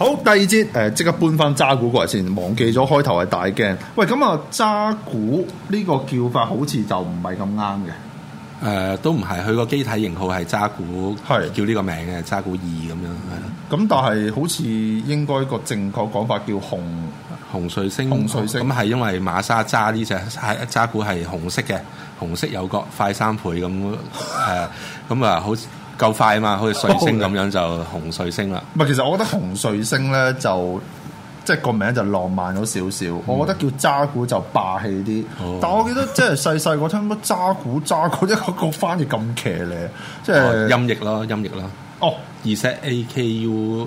好，第二節誒，即、呃、刻搬返渣古過嚟先，忘記咗開頭係大鏡。喂，咁啊渣古呢個叫法好似就唔係咁啱嘅。誒、呃，都唔係，佢個機體型號係渣古，係是叫呢個名嘅渣古二咁樣。咁、嗯、但係好似應該個正確講法叫紅紅彗星紅彗星，咁係、哦、因為馬沙揸呢隻係渣古係紅色嘅，紅色有角，快三倍咁誒，咁 啊、嗯、好似。 夠快啊嘛，好似彗星咁樣就紅彗星啦。唔係，其實我覺得紅彗星咧就即係個名就浪漫咗少少。嗯、我覺得叫渣古就霸氣啲。哦、但係我記得即係細細個聽乜渣古渣古一個個翻譯咁騎呢？即係音譯啦，音譯啦。哦，而 ZAKU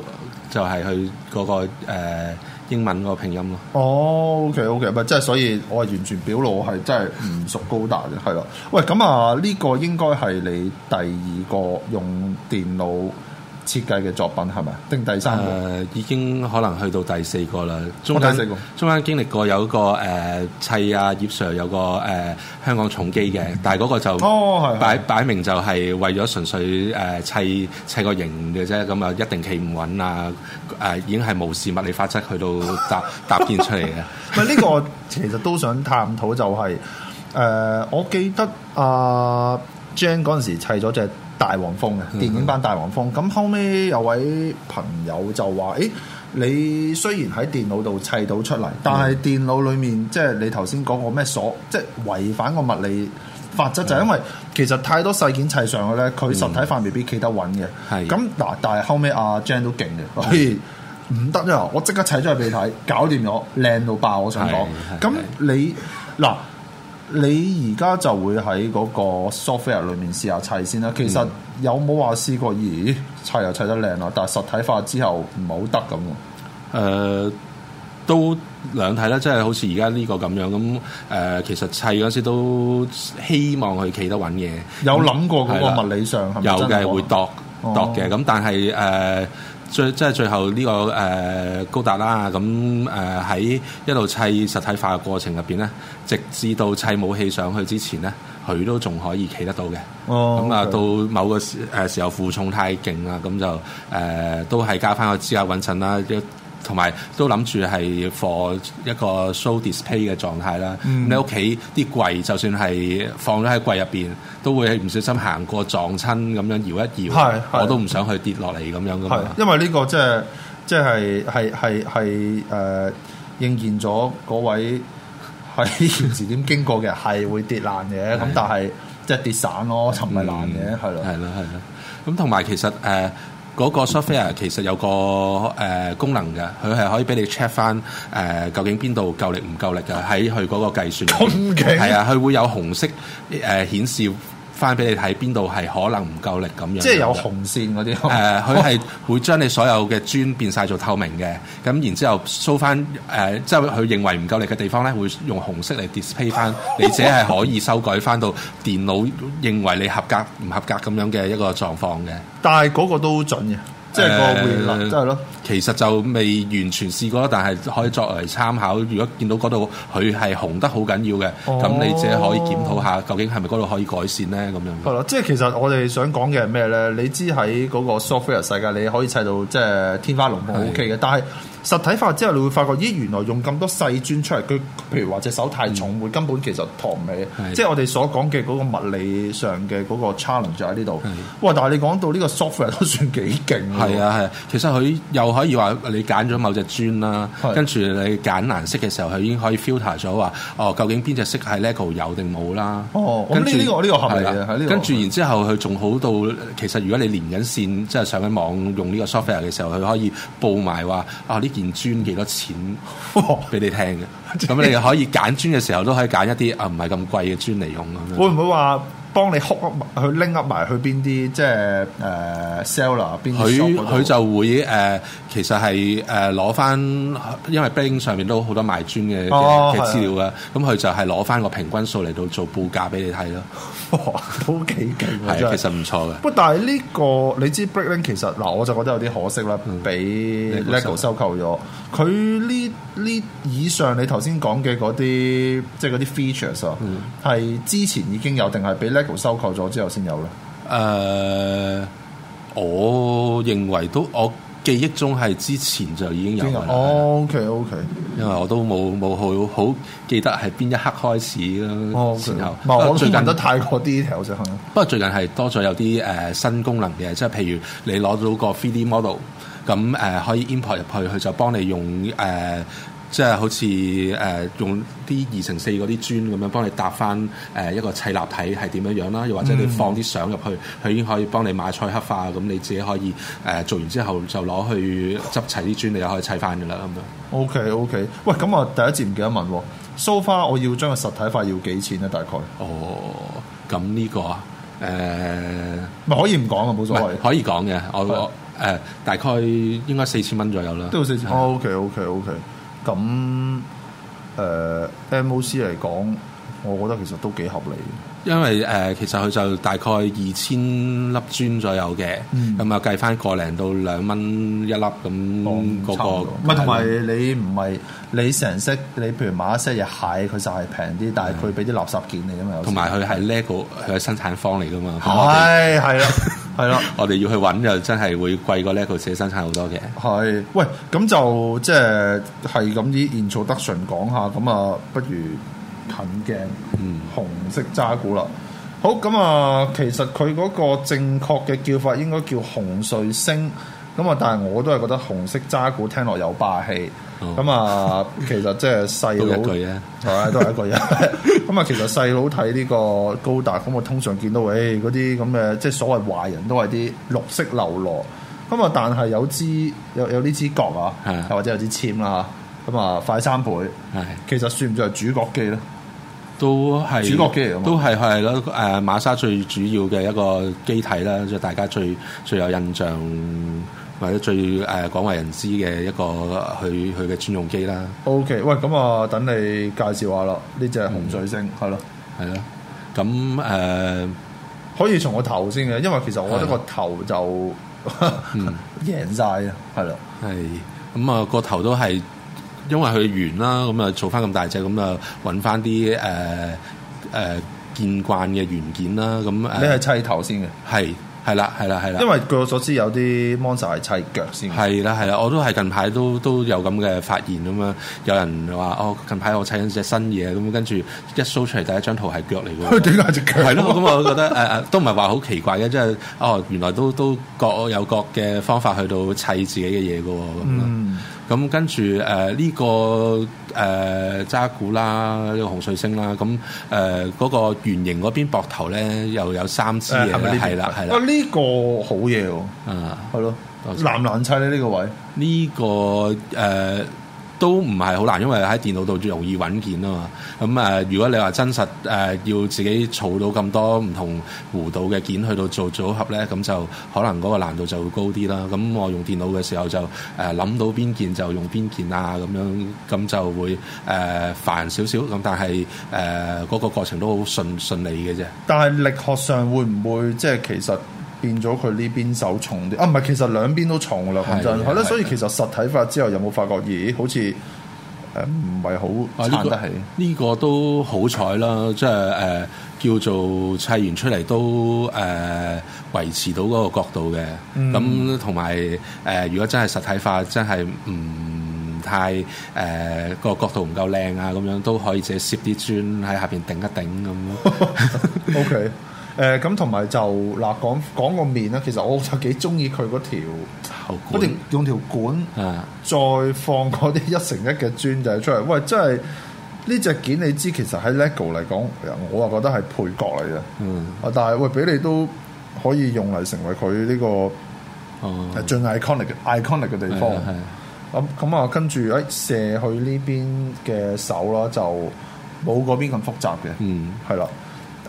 就係佢嗰個、呃英文個拼音咯。哦，OK，OK，咪即係所以，我係完全表露，我係真係唔熟高達嘅，係咯。喂，咁啊，呢個應該係你第二個用電腦。設計嘅作品係咪？定第三個、呃、已經可能去到第四個啦。中間中間經歷過有個誒、呃、砌啊，葉 Sir 有個誒、呃、香港重機嘅，但係嗰個就、哦、係係擺擺明就係為咗純粹誒、呃、砌砌個型嘅啫。咁啊一定企唔穩啊！誒、呃、已經係無視物理法則去到搭搭建出嚟嘅。唔 呢 個其實都想探討、就係，就係誒，我記得阿 Jane 嗰陣時砌咗隻，呃大黃蜂嘅電影版大黃蜂，咁 後尾有位朋友就話：誒、欸，你雖然喺電腦度砌到出嚟，但係電腦裏面即係你頭先講個咩鎖，即係、就是、違反個物理法則，就係因為其實太多細件砌上去咧，佢實體化未必企得穩嘅。係咁嗱，但係後尾阿 Jane 都勁嘅，唔得啊！我即刻砌咗去俾你睇，搞掂咗，靚到爆！我想講，咁你嗱。你而家就會喺嗰個 software 裏面試下砌先啦。其實有冇話試過？咦，砌又砌得靚咯，但係實體化之後唔係好得咁喎。誒，都兩睇啦，即係好似而家呢個咁樣咁誒、呃。其實砌嗰陣時都希望佢企得穩嘢。有諗過嗰個物理上係咪、嗯、有嘅會度度嘅。咁、哦、但係誒。呃最即係最後呢、呢個誒、呃、高達啦，咁誒喺一路砌實體化嘅過程入邊咧，直至到砌武器上去之前咧，佢都仲可以企得到嘅。哦，咁啊，到某個誒時,、啊、時候負重太勁啊，咁就誒、呃、都係加翻個資格穩陣啦同埋都諗住係 for 一個 show display 嘅狀態啦。你屋企啲櫃，就算係放咗喺櫃入邊，都會係唔小心行過撞親咁樣搖一搖，我都唔想去跌落嚟咁樣噶嘛。因為呢個即係即係係係係誒應驗咗嗰位喺現時點經過嘅，係會跌爛嘅。咁但係即係跌散咯，就唔係爛嘅，係咯，係咯，係咯。咁同埋其實誒。嗰個 software 其實有個、呃、功能嘅，佢係可以俾你 check 翻、呃、究竟邊度夠力唔夠力嘅喺佢嗰個計算入面，係啊， 佢會有紅色誒、呃、顯示。翻俾你睇邊度係可能唔夠力咁樣，即係有紅線嗰啲。誒，佢係會將你所有嘅磚變曬做透明嘅，咁然之後掃翻誒，即係佢認為唔夠力嘅地方咧，會用紅色嚟 display 翻，你只係可以修改翻到電腦認為你合格唔合格咁樣嘅一個狀況嘅。但係嗰個都準嘅。即係個匯率，即係咯。其實就未完全試過，但係可以作為參考。如果見到嗰度佢係紅得好緊要嘅，咁你自己可以檢討下究竟係咪嗰度可以改善咧？咁樣係咯。即係其實我哋想講嘅係咩咧？你知喺嗰個 software 世界，你可以砌到即係天花龍骨 OK 嘅。但係實體化之後，你會發覺咦，原來用咁多細磚出嚟，佢譬如話隻手太重，會根本其實託唔起。即係我哋所講嘅嗰個物理上嘅嗰個 challenge 就喺呢度。哇！但係你講到呢個 software 都算幾勁。係啊係啊，其實佢又可以話你揀咗某隻磚啦，是跟住你揀顏色嘅時候，佢已經可以 filter 咗話哦，究竟邊隻色係 LEGO 有定冇啦？哦，咁呢著、這個呢、這個合理啊，係呢的跟住然之後，佢仲好到，其實如果你連緊線，即係上緊網用呢個 software 嘅時候，佢可以報埋話啊呢件磚幾多錢俾你聽嘅。咁、哦、你可以揀磚嘅時候，都可以揀一啲啊唔係咁貴嘅磚嚟用咁。會唔會話？幫你哭啊！去拎 p 埋去邊啲？即係誒 seller 邊啲？佢佢就會誒，其實係誒攞翻，因為 b r i n g 上面都好多賣磚嘅嘅資料嘅，咁佢就係攞翻個平均數嚟到做報價俾你睇咯。都幾勁喎！其實唔錯嘅。不，但係呢個你知 breaking 其實嗱，我就覺得有啲可惜啦，俾 lego 收購咗。佢呢呢以上你頭先講嘅嗰啲，即係嗰啲 features 啊，係之前已經有定係俾收購咗之後先有咯。誒，uh, 我認為都我記憶中係之前就已經有啦。有哦，OK，OK。的 okay, okay. 因為我都冇冇好好記得係邊一刻開始啦。哦，前頭。最近都太過 detail 不過最近係多咗有啲誒新功能嘅，即係譬如你攞到個 3D model，咁誒、呃、可以 import 入去，佢就幫你用誒。呃即係好似誒、呃、用啲二乘四嗰啲磚咁樣幫你搭翻誒、呃、一個砌立體係點樣樣啦，又或者你放啲相入去，佢、嗯、已經可以幫你買菜、刻花咁，你自己可以誒、呃、做完之後就攞去執齊啲磚，你就可以砌翻噶啦咁樣。OK OK，喂，咁我第一次唔記得問，So far、哦、我要將佢實體化要幾錢咧？大概哦，咁呢、這個誒咪、呃、可以唔講啊，冇所謂，可以講嘅，我的我、呃、大概應該四千蚊左右啦，都四要千、哦。OK OK OK, okay。Okay. 咁誒 MOC 嚟講，我覺得其實都幾合理。因為誒、呃、其實佢就大概二千粒磚左右嘅，咁啊計翻個零到兩蚊一粒咁嗰個。唔係同埋你唔係你成色，你譬如買一隻嘢蟹，佢就係平啲，但係佢俾啲垃圾件你咁啊。同埋佢係 LEGO 佢係生產方嚟噶嘛。係係啊。係啦，我哋要去揾就真係會貴過叻。佢寫生產好多嘅。係，喂，咁就即係係咁啲 instruction 講下，咁啊不如近鏡，嗯、紅色渣古啦。好，咁啊，其實佢嗰個正確嘅叫法應該叫紅瑞星。咁啊！但係我都係覺得紅色渣古聽落有霸氣。咁啊、哦嗯，其實即係細佬，係都係一個人。咁啊，其實細佬睇呢個高達，咁我通常見到誒嗰啲咁嘅，即係所謂壞人都係啲綠色流羅。咁啊，但係有支有有呢支角啊，又是、啊、或者有支籤啦、啊、嚇。咁、嗯、啊，快三倍，是啊、其實算唔算係主角機咧？都係是主角機嚟，都係係嗰誒馬沙最主要嘅一個機體啦，即係大家最最有印象。或者最誒廣為人知嘅一個佢佢嘅專用機啦。OK，喂，咁啊，等你介紹下咯。呢隻紅水星係咯，係咯、嗯。咁誒，uh, 可以從個頭先嘅，因為其實我覺得、個頭就贏晒啊，係啦。係咁啊，個頭都係因為佢圓啦，咁啊做翻咁大隻，咁啊揾翻啲誒誒見慣嘅元件啦。咁、uh, 你係砌頭先嘅？係。係啦，係啦，係啦，因為據我所知有啲 monster 係砌腳先。係啦，係啦，我都係近排都都有咁嘅發現咁樣，有人話哦，近排我砌緊隻新嘢，咁跟住一 show 出嚟第一張圖係腳嚟嘅。點解係隻腳？係咯，咁我都覺得誒誒、 啊，都唔係話好奇怪嘅，即、就、係、是、哦，原來都都各有各嘅方法去到砌自己嘅嘢嘅喎咁。嗯。咁、嗯、跟住誒呢個誒渣古啦，呢、呃這個紅彗星啦，咁誒嗰個圓形嗰邊膊頭咧又有三支嘢，係啦係啦。呢個好嘢喎、啊，啊係咯，難唔難砌咧呢個位？呢、這個誒。呃都唔係好難，因為喺電腦度最容易揾件啊嘛。咁、嗯、啊，如果你話真實誒、呃、要自己儲到咁多唔同弧度嘅件去到做組合咧，咁、嗯、就可能嗰個難度就會高啲啦。咁、嗯、我用電腦嘅時候就誒諗、呃、到邊件就用邊件啊，咁樣咁就會誒煩少少。咁、呃、但係誒嗰個過程都好順順利嘅啫。但係力學上會唔會即係其實。變咗佢呢邊手重啲啊，唔係，其實兩邊都重噶啦，講真係咯。所以其實實體化之後有冇發覺？咦、欸，好似誒唔係好撐得起。呢、啊呢個呢個都好彩啦，即係誒叫做砌完出嚟都誒、呃、維持到嗰個角度嘅。咁同埋誒，如果真係實體化，真係唔太誒、呃嗰個角度唔夠靚啊，咁樣都可以借攝啲磚喺下邊頂一頂咁咯。OK。 誒，咁同埋就嗱，講講個面啦。其實我就幾中意佢嗰條，用條管的再放嗰啲一成一嘅磚仔出嚟。喂，真係呢隻件你知，其實喺 Lego 嚟講，我啊覺得係配角嚟嘅。嗯的，但係喂，俾你都可以用嚟成為佢呢、這個、哦、最 iconic iconic 嘅地方。係咁咁啊，跟住誒射去呢邊嘅手啦，就冇嗰邊咁複雜嘅。嗯，係啦。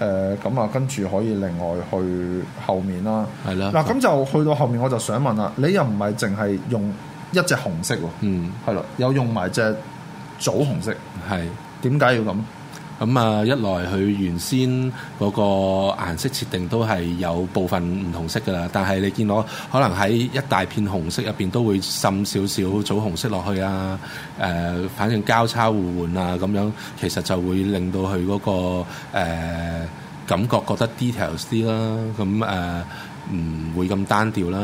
誒咁啊，跟住、呃、可以另外去後面啦。係啦。嗱，咁就去到後面，我就想問啦，你又唔係淨係用一隻紅色喎？嗯，係啦，有用埋隻棗紅色。係。點解要咁？咁啊、嗯，一來佢原先嗰個顏色設定都係有部分唔同色噶啦，但係你見到，可能喺一大片紅色入邊都會滲少少棗紅色落去啊，誒、呃，反正交叉互換啊，咁樣其實就會令到佢嗰、嗰個、呃、感覺覺得 details 啲啦，咁誒唔會咁單調啦。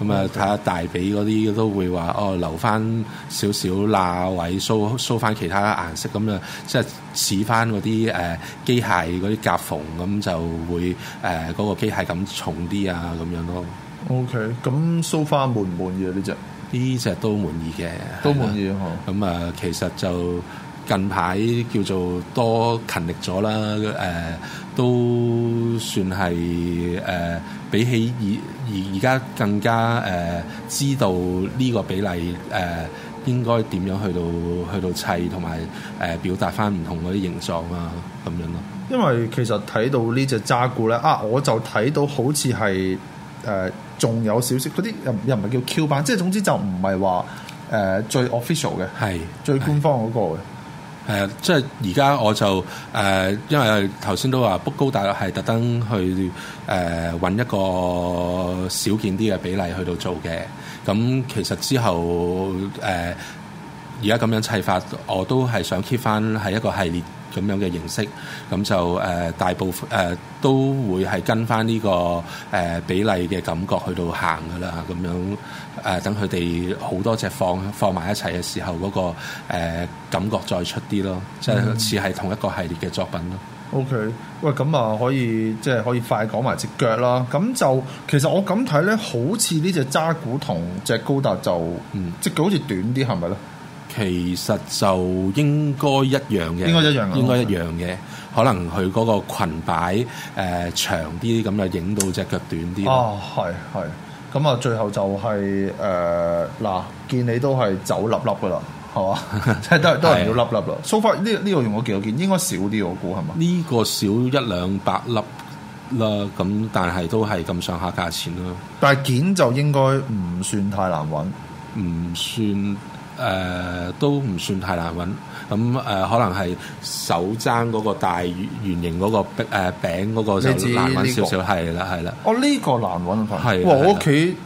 咁啊，睇下 Okay. 大髀嗰啲都會話哦，留翻少少罅位，收收翻其他顏色，咁、呃呃那個嗯、啊，即係似翻嗰啲誒機械嗰啲夾縫，咁就會誒嗰個機械咁重啲啊，咁樣咯。OK，咁收花滿唔滿意啊？呢隻呢隻都滿意嘅，都滿意啊！嗬。咁啊，其實就近排叫做多勤力咗啦，誒、呃。呃都算係誒、呃，比起而而而家更加誒、呃，知道呢個比例誒、呃，應該點樣去到去到砌同埋誒，表達返唔同嗰啲形狀啊，咁樣咯。因為其實睇到隻呢隻渣古咧啊，我就睇到好似係誒，仲、呃、有少少嗰啲又又唔係叫 Q 版，即係總之就唔係話誒最 official 嘅，係是最官方嗰個嘅。誒、呃，即係而家我就誒、呃，因為頭先都話卜高達係特登去誒揾、呃、一個少見啲嘅比例去到做嘅，咁、嗯、其實之後誒而家咁樣砌法，我都係想 keep 翻喺一個系列。咁樣嘅形式，咁就誒、呃、大部分誒、呃、都會係跟返呢、這個誒、呃、比例嘅感覺去到行噶啦，咁樣誒、呃、等佢哋好多隻放放埋一齊嘅時候，嗰、那個、呃、感覺再出啲咯，即係似係同一個系列嘅作品咯。OK，喂，咁啊可以即係、就是、可以快講埋隻腳啦。咁就其實我咁睇咧，好似呢隻揸古同隻高達就，即佢、嗯、好似短啲，係咪咧？其實就應該一樣嘅，應該一樣嘅，應該一樣嘅。嗯、可能佢嗰個裙擺誒、呃、長啲咁，就影到隻腳短啲。哦，係係。咁啊，最後就係誒嗱，見你都係走粒粒噶啦，係嘛？即 係都是 都係要粒粒咯。so far 呢呢個用我見我件應該少啲，我估係嘛？呢個少一兩百粒啦，咁但係都係咁上下價錢咯。但係件就應該唔算太難揾，唔算。誒、呃、都唔算太難揾，咁、呃、誒可能係手踭嗰個大圓形嗰、那個誒、呃、餅嗰個就難揾少少，係啦係啦。嗯、哦，呢、這個難揾啊，塊、嗯。我屋企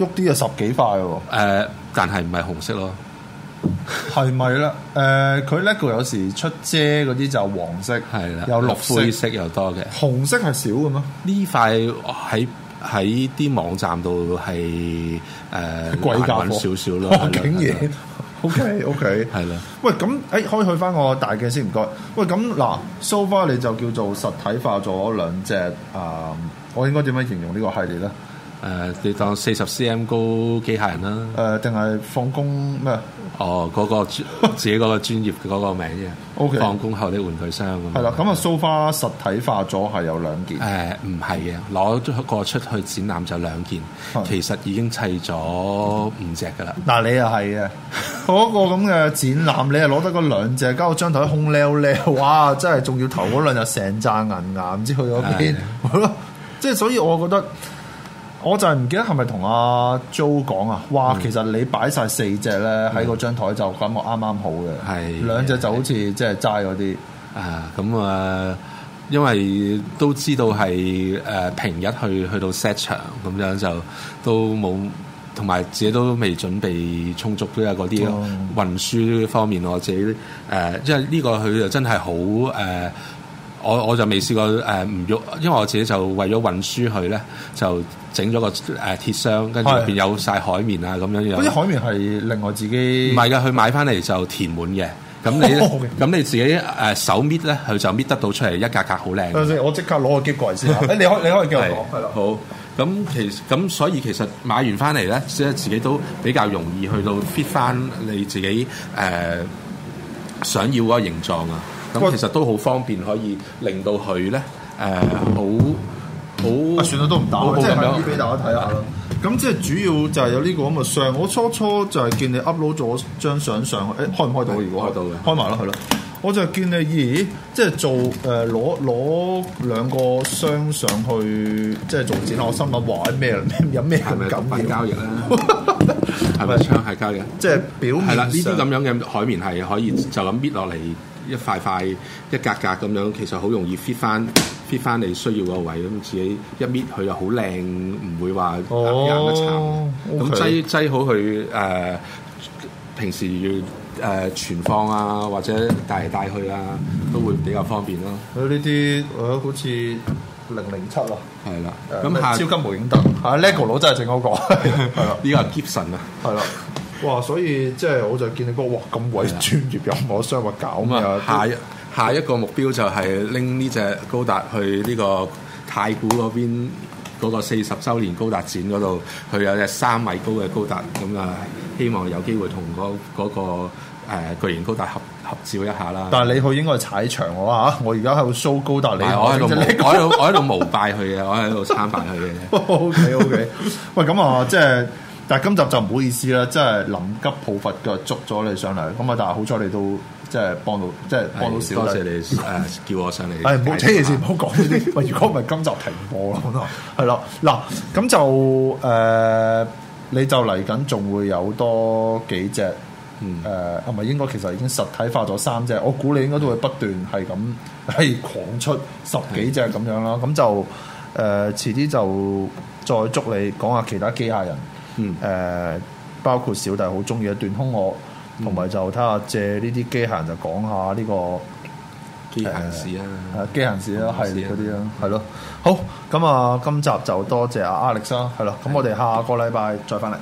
喐啲啊十幾塊喎、啊呃。但係唔係紅色咯？係咪 啦？誒、呃，佢呢個有時出遮嗰啲就黃色，係啦的，有綠灰色，色又多嘅，紅色係少嘅咩？呢塊喺。呃喺啲網站度係誒貴咁少少咯。哇了竟然了，OK OK，係啦 了、欸。喂，咁可以去翻我大鏡先，唔該。喂，咁嗱，so far 你就叫做實體化咗兩隻啊、呃？我應該點樣形容呢個系列咧？誒，uh, 你當四十 cm 高機械人啦。誒、啊，定係放工咩？哦、oh, 那個，嗰個自己嗰個專業嘅嗰個名啫。 O.K. 放工後啲玩具箱。咁係啦，咁啊，so far 實體化咗係有兩件。誒、uh, 唔係嘅，攞咗個出去展覽就兩件，uh. 其實已經砌咗五隻噶啦。嗱、 啊，你又係嘅，嗰個咁嘅展覽，你係攞得嗰兩隻，交個張台空溜咧哇！真係仲要投嗰兩日成贊銀牙、啊，唔知去咗邊。係即係所以，我覺得。我就係唔記得係咪同阿 Jo 講啊，嘩、嗯、其實你擺晒四隻咧喺嗰張台就感覺啱啱好嘅，的兩隻就好似即係齋嗰啲啊，咁啊、呃，因為都知道係誒、呃、平日去去到 set 場咁樣就都冇，同埋自己都未準備充足都有嗰啲啊運輸方面我自己誒、呃，因為呢個佢就真係好誒、呃，我我就未試過誒唔喐，因為我自己就為咗運輸佢咧就。整咗個誒鐵箱，跟住入邊有晒海綿啊咁樣樣。嗰啲海綿係另外自己。唔係噶，佢買翻嚟就填滿嘅。咁你咁你自己誒手搣咧，佢就搣得到出嚟一格格好靚。等陣先，我即刻攞個機過嚟先。誒，你可你可以講。係啦。好。咁其實咁所以其實買完翻嚟咧，即係自己都比較容易去到 fit 翻你自己誒想要嗰個形狀啊。咁其實都好方便，可以令到佢咧誒好。好啊！算啦，都唔打啦，即係俾大家睇下咯。咁是的 即係主要就係有呢個咁嘅相。我初初就係見你 upload 咗張相上去，誒、欸，開唔開到？如果開到嘅了，開埋啦，係咯。我就係見你，咦，即係做誒，攞攞兩個箱上去，即係做展覽。我心諗哇，咩啊？咩有咩？咁嘅交易啦，係咪箱係交易？即係表面呢啲咁樣嘅海綿係可以就咁搣落嚟一塊塊一格格咁樣，其實好容易 fit 翻。啲翻你需要個位，咁自己一搣佢又好靚，唔會話打邊一咁咁擠擠好佢誒、呃，平時要誒存放啊，或者帶嚟帶去啊，都會比較方便咯。誒呢啲誒好似零零七啊，係啦。咁、呃、下超級模型得啊，LEGO 佬真係整嗰個係啦，呢個係 Gibson 啊，係啦。哇、 嗯！所以即係我就見你個鑊咁鬼專業有，有冇得相搞啊？係啊。 下一個目標就係拎呢隻高達去呢個太古嗰邊嗰、嗰個四十周年高達展嗰度，佢有隻三米高嘅高達，咁啊希望有機會同嗰嗰個、嗰個呃、巨型高達合合照一下啦。但係你去應該係踩場喎嚇、啊，我而家喺度 show 高達嚟，我喺度我喺度膜拜佢嘅，我喺度參拜佢嘅。O K O K，喂，咁啊，即、就、係、是、但係今集就唔好意思啦，即係臨急抱佛腳捉咗你上嚟，咁啊，但係好彩你都。即係幫到，即係幫到小弟。多謝你叫我上嚟。誒冇，而且而唔好講呢啲。哎、 喂，如果唔係今集停播咯，可能係啦。嗱，咁就誒、呃，你就嚟緊，仲會有多幾隻誒？係、呃、咪？應該其實已經實體化咗三隻。我估你應該都會不斷係咁係狂出十幾隻咁樣啦。咁 就誒，遲、呃、啲就再捉你講下其他機械人。嗯誒、 呃，包括小弟好中意一段空我。同埋就睇下借呢啲機械人，就講下呢個機械人士啊，呃、機械人士啦，係嗰啲啊，係咯、啊嗯。好咁啊，今集就多謝阿 Alex 啦，係咯。咁我哋下個禮拜再翻嚟。